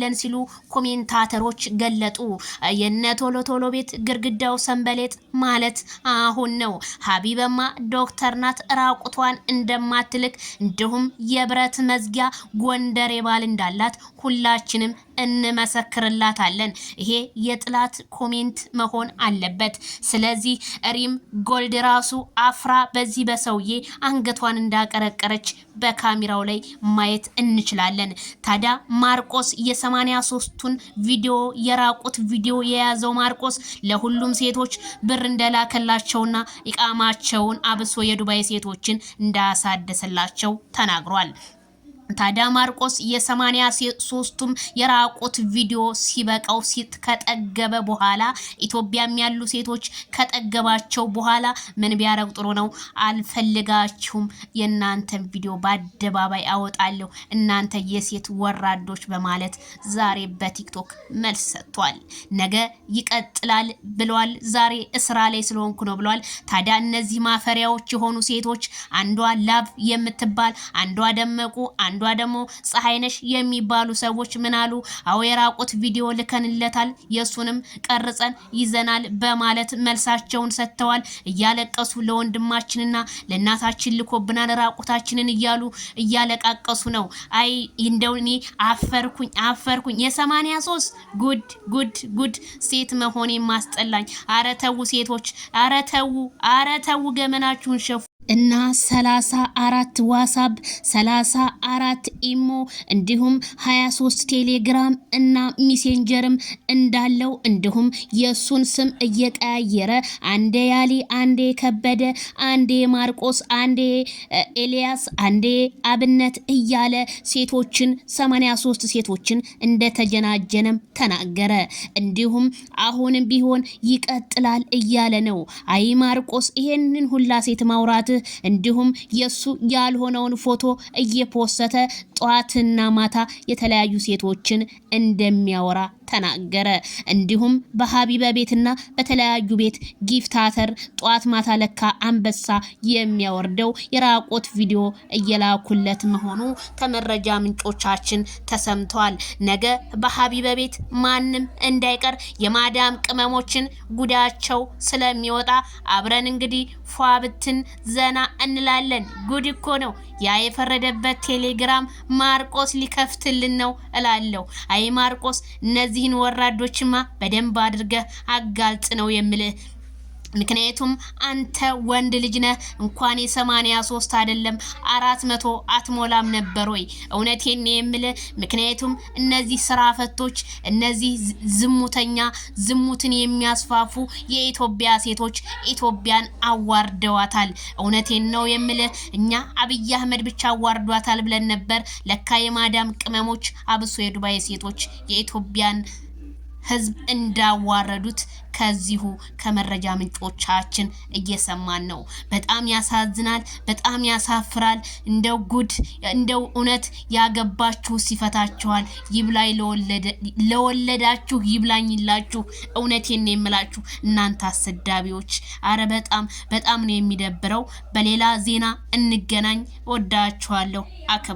ለን ሲሉ ኮሜንታተሮች ገለጡ። የነ ቶሎ ቶሎ ቤት ግርግዳው ሰንበሌጥ ማለት አሁን ነው። ሀቢበማ ዶክተር ናት ራቁቷን እንደማትልክ እንዲሁም የብረት መዝጊያ ጎንደር ባል እንዳላት ሁላችንም እንመሰክርላታለን። ይሄ የጥላት ኮሜንት መሆን አለበት። ስለዚህ ሪም ጎልድ ራሱ አፍራ በዚህ በሰውዬ አንገቷን እንዳቀረቀረች በካሜራው ላይ ማየት እንችላለን። ታዲያ ማርቆስ የሰማንያ ሶስቱን ቪዲዮ የራቁት ቪዲዮ የያዘው ማርቆስ ለሁሉም ሴቶች ብር እንደላከላቸውና ኢቃማቸውን አብሶ የዱባይ ሴቶችን እንዳሳደሰላቸው ተናግሯል። ታዲያ ማርቆስ የሰማንያ ሶስቱም የራቆት ቪዲዮ ሲበቃው ሲት ከጠገበ በኋላ ኢትዮጵያም ያሉ ሴቶች ከጠገባቸው በኋላ ምን ቢያረግ ጥሩ ነው? አልፈልጋችሁም፣ የእናንተን ቪዲዮ በአደባባይ አወጣለሁ፣ እናንተ የሴት ወራዶች በማለት ዛሬ በቲክቶክ መልስ ሰጥቷል። ነገ ይቀጥላል ብሏል። ዛሬ እስራ ላይ ስለሆንኩ ነው ብሏል። ታዲያ እነዚህ ማፈሪያዎች የሆኑ ሴቶች አንዷ ላቭ የምትባል አንዷ ደመቁ አንዷ ደግሞ ፀሐይነሽ የሚባሉ ሰዎች ምን አሉ? አዎ የራቁት ቪዲዮ ልከንለታል፣ የሱንም ቀርጸን ይዘናል በማለት መልሳቸውን ሰጥተዋል። እያለቀሱ ለወንድማችንና ለእናታችን ልኮብናል ራቁታችንን እያሉ እያለቃቀሱ ነው። አይ እንደው እኔ አፈርኩኝ አፈርኩኝ። የሰማንያ ሶስት ጉድ ጉድ ጉድ ሴት መሆኔ ማስጠላኝ። አረተው ሴቶች፣ አረተው አረተው ገመናችሁን ሸፉ። እና ሰላሳ አራት ዋሳብ ሰላሳ አራት ኢሞ እንዲሁም 23 ቴሌግራም እና ሚሴንጀርም እንዳለው እንዲሁም የሱን ስም እየቀያየረ አንዴ ያሊ፣ አንዴ ከበደ፣ አንዴ ማርቆስ፣ አንዴ ኤልያስ፣ አንዴ አብነት እያለ ሴቶችን 83 ሴቶችን እንደተጀናጀነም ተናገረ። እንዲሁም አሁንም ቢሆን ይቀጥላል እያለ ነው። አይ ማርቆስ ይሄንን ሁላ ሴት ማውራት እንዲሁም የሱ ያልሆነውን ፎቶ እየፖሰተ ጠዋትና ማታ የተለያዩ ሴቶችን እንደሚያወራ ተናገረ። እንዲሁም በሀቢበ ቤትና በተለያዩ ቤት ጊፍታተር ጠዋት ማታ ለካ አንበሳ የሚያወርደው የራቆት ቪዲዮ እየላኩለት መሆኑ ከመረጃ ምንጮቻችን ተሰምተዋል። ነገ በሀቢበ ቤት ማንም እንዳይቀር የማዳም ቅመሞችን ጉዳቸው ስለሚወጣ አብረን እንግዲህ ፏብትን ዘ ቀና እንላለን። ጉድ እኮ ነው ያ የፈረደበት ቴሌግራም ማርቆስ ሊከፍትልን ነው እላለሁ። አይ ማርቆስ፣ እነዚህን ወራዶችማ በደንብ አድርገህ አጋልጥ ነው የምልህ። ምክንያቱም አንተ ወንድ ልጅ ነህ። እንኳን የሰማንያ ሶስት አይደለም አራት መቶ አትሞላም ነበር ወይ? እውነቴን የምልህ ምክንያቱም እነዚህ ስራ ፈቶች፣ እነዚህ ዝሙተኛ፣ ዝሙትን የሚያስፋፉ የኢትዮጵያ ሴቶች ኢትዮጵያን አዋርደዋታል። እውነቴን ነው የምልህ እኛ አብይ አህመድ ብቻ አዋርዷታል ብለን ነበር። ለካ የማዳም ቅመሞች አብሶ የዱባይ ሴቶች የኢትዮጵያን ህዝብ እንዳዋረዱት ከዚሁ ከመረጃ ምንጮቻችን እየሰማን ነው። በጣም ያሳዝናል። በጣም ያሳፍራል። እንደው ጉድ! እንደው እውነት ያገባችሁ ሲፈታችኋል። ይብላኝ ለወለዳችሁ ይብላኝላችሁ። እውነቴን ነው የምላችሁ እናንተ አሰዳቢዎች። አረ በጣም በጣም ነው የሚደብረው። በሌላ ዜና እንገናኝ። ወዳችኋለሁ። አከባ